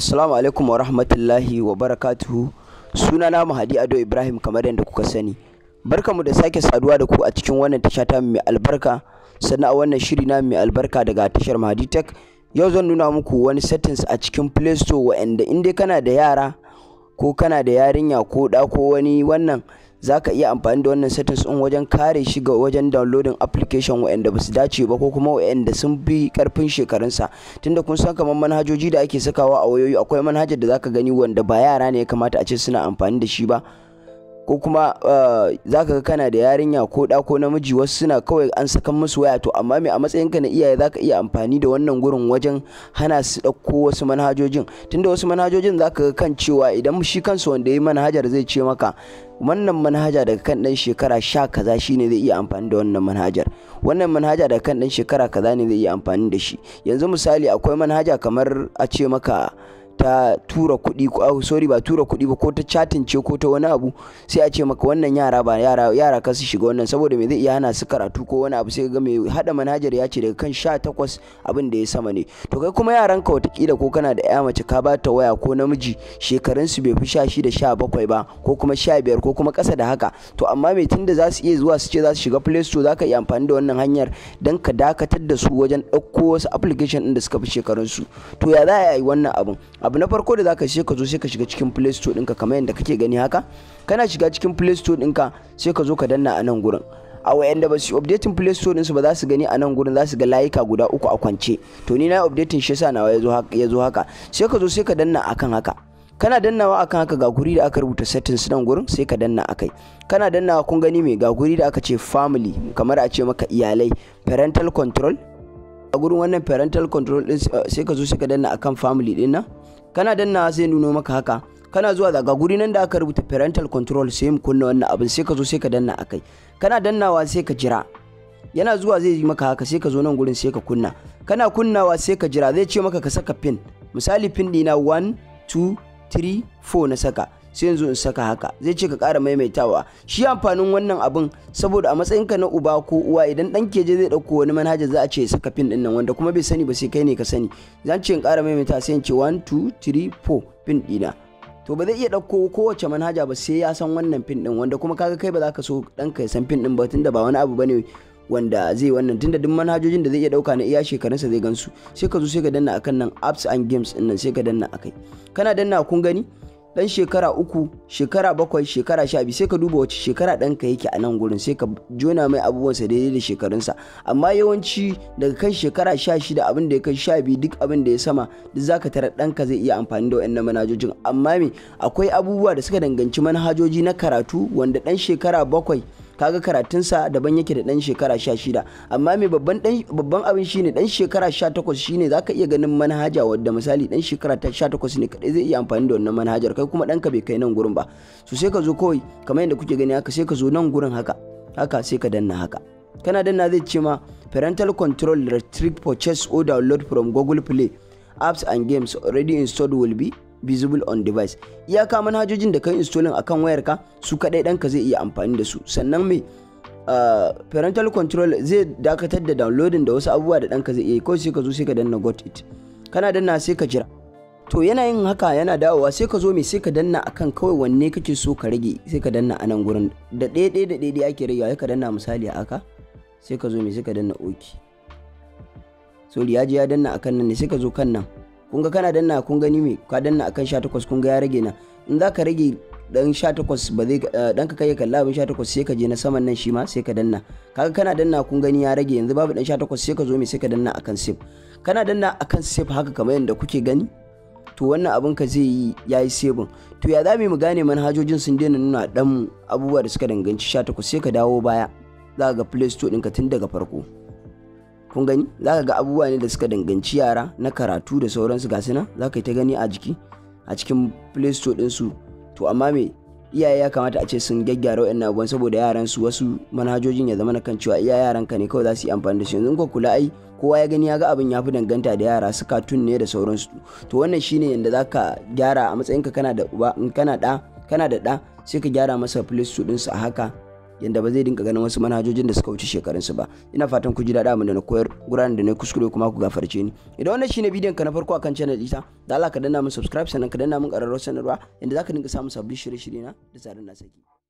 Assalamu alaikum wa rahmatullahi wa barakatuhu. na Mahadi Ado Ibrahim kamar yadda kuka sani. Barkamu da sake saduwa da ku a cikin wannan tasha ta mai albarka, sannan a wannan shiri na mai albarka daga tashar Mahadi Tech. Yau zan nuna muku wani settings a cikin Play Store wa'anda in dai kana da yara ko kana da yarinya ko da ko wani wannan za ka iya amfani da wannan settings din wajen kare shi ga wajen downloading application waɗanda ba su dace ba ko kuma waɗanda sun bi karfin shekarunsa tunda kun san kamar manhajoji da ake sakawa a wayoyi akwai manhajar da za ka gani wanda ba yara ne ya kamata a ce suna amfani da shi ba ko kuma eh, za ka kana da yarinya ko da ko namiji wasu suna kawai an sakan musu waya to amma mai a matsayinka na iyaye za ka iya amfani da wannan gurin wajen hana su dauko wasu manhajojin tunda wasu manhajojin za ka kan cewa idan shi kansu wanda ya manhajar zai ce maka wannan manhaja daga kan ɗan shekara sha kaza shine zai iya amfani da wannan manhajar wannan manhaja daga kan ɗan shekara kaza ne zai iya amfani da shi yanzu misali akwai manhaja kamar a ce maka ta tura kuɗi ko sorry ba tura kuɗi ba ko ta chatin ce ko ta wani abu sai a ce maka wannan yara ba yara yara ka su shiga wannan saboda me zai iya hana su karatu ko wani abu sai ga mai hada manhajar ya ce daga kan 18 abin da ya sama ne to kai kuma yaran ka watakila ko kana da ya mace ka ba ta waya ko namiji shekarun su bai fi da 17 ba ko kuma 15 ko kuma kasa da haka to amma me tunda za su iya zuwa su ce za su shiga Play Store zaka iya amfani da wannan hanyar dan ka dakatar da su wajen ɗauko wasu application din da suka fi shekarun su to ya za a yi wannan abun abu na farko da zaka sai ka zo sai ka shiga cikin play store ɗinka kamar yadda kake gani haka kana shiga cikin play store ɗinka sai ka zo ka danna a nan gurin a wayanda ba su updating play store ɗinsu ba za su gani a nan gurin za su ga layuka guda uku a kwance to ni na updating shi yasa nawa ya zo haka sai ka zo sai ka danna akan haka kana dannawa akan haka ga guri da aka rubuta settings nan gurin sai ka danna akai kana dannawa kun gani me ga guri da aka ce family kamar a ce maka iyalai parental control a gurin wannan parental control din eh, sai ka zo sai ka danna akan family din nan kana danna zai nuno maka haka kana zuwa daga guri nan da aka rubuta parental control sai mu kunna wannan abin sai ka zo sai ka danna akai kana dannawa sai ka jira yana zuwa zai yi maka haka sai ka zo nan gurin sai ka kunna kana kunnawa sai ka jira zai ce maka ka saka pin misali pin dina 1 2 3 4 na saka sai yanzu in saka haka zai ce ka ƙara maimaitawa shi amfanin wannan abin saboda a matsayinka na uba ko uwa idan dan keje zai ɗauko wani manhaja za a ce saka pin ɗin nan wanda kuma bai sani ba sai kai ne ka sani zan ce in ƙara maimaita sai in ce 1 2 3 4 pin ɗina to ba zai iya ɗauko kowace manhaja ba sai ya san wannan pin ɗin wanda kuma kaga kai ba za ka so ɗanka ya san pin ɗin ba tunda ba wani abu bane wanda zai wannan tunda duk manhajojin da zai iya dauka na iya shekarunsa zai gansu sai ka zo sai ka danna akan nan apps and games din nan sai ka danna akai kana danna kun gani dan shekara uku shekara bakwai shekara sha biyu sai ka duba wace shekara ka yake a nan gurin sai ka jona mai abubuwansa daidai da shekarunsa amma yawanci daga kan shekara sha shida abin da ya kai sha biyu duk abin da ya sama duk zaka tara ɗanka zai iya amfani da wa'annan manajojin amma me akwai abubuwa da suka danganci manhajoji na karatu wanda ɗan shekara bakwai kaga karatunsa daban yake da dan shekara sha shida amma mai babban abin shine dan shekara sha takwas shine za ka iya ganin manhaja wadda misali dan shekara ta sha takwas ne kadai zai iya amfani da wannan manhajar kai kuma danka bai kai nan gurin ba su sai ka zo kawai kamar yadda kuke gani haka sai ka zo nan gurin haka haka sai ka danna haka kana danna zai ce ma parental control retrieve purchase or download from google play apps and games already installed will be visible on device iyaka manhajojin da ka installing akan wayarka su kadai ɗanka zai iya amfani da su sannan mai Uh, parental control zai dakatar da downloading da wasu abubuwa da ɗanka zai iya ko sai ka zo sai ka danna got it kana danna sai ka jira to yana yin haka yana dawowa sai ka zo mai sai ka danna akan kawai wanne kake so ka rage sai ka danna a nan gurin da ɗaya ɗaya da ɗaya ɗaya ake ragewa sai ka danna misali a haka sai ka zo mai sai ka danna oki so ya je ya danna akan nan ne sai ka zo kan nan kun ga kana danna kun gani me ka danna akan 18 kun ga ya rage na in za ka rage dan 18 ba zai dan eh, ka kai kalla abin 18 sai ka je na saman nan shi ma sai ka danna kaga kana danna kun gani ya rage yanzu babu dan 18 sai ka zo me sai ka danna akan save kana danna akan safe haka kamar yadda kuke gani to wannan abin ka zai yi ya yi sebin to ya za mu gane manhajojin sun daina nuna dan abubuwa da suka danganci 18 sai ka dawo baya za ga play store ɗinka tun daga farko kun gani za ka ga abubuwa ne da suka danganci yara na karatu da sauransu ga su nan za ka yi ta gani a jiki a cikin play store ɗinsu to amma me iyaye ya kamata a ce sun gyaggyara wa'annan abubuwan saboda yaran su wasu manhajojin ya zama na kan cewa iya yaran ka ne kawai za su yi amfani da shi yanzu ko kula ai kowa ya gani ya ga abin ya fi danganta da yara su katun ne da sauransu to wannan shine yanda za ka gyara a matsayinka kana da uba in kana da kana da ɗa sai ka gyara masa play store ɗinsu a haka yanda ba zai dinka ganin wasu manhajojin da suka wuce shekarun su ba ina fatan ku ji dada mu da na koyar guraren da na kuskure kuma ku gafarce ni idan wannan shine bidiyon ka na farko akan channel ita da Allah ka danna min subscribe sannan ka danna min ƙararrawar sanarwa inda zaka dinga samun sabbin shirye-shirye na da tsarin na saki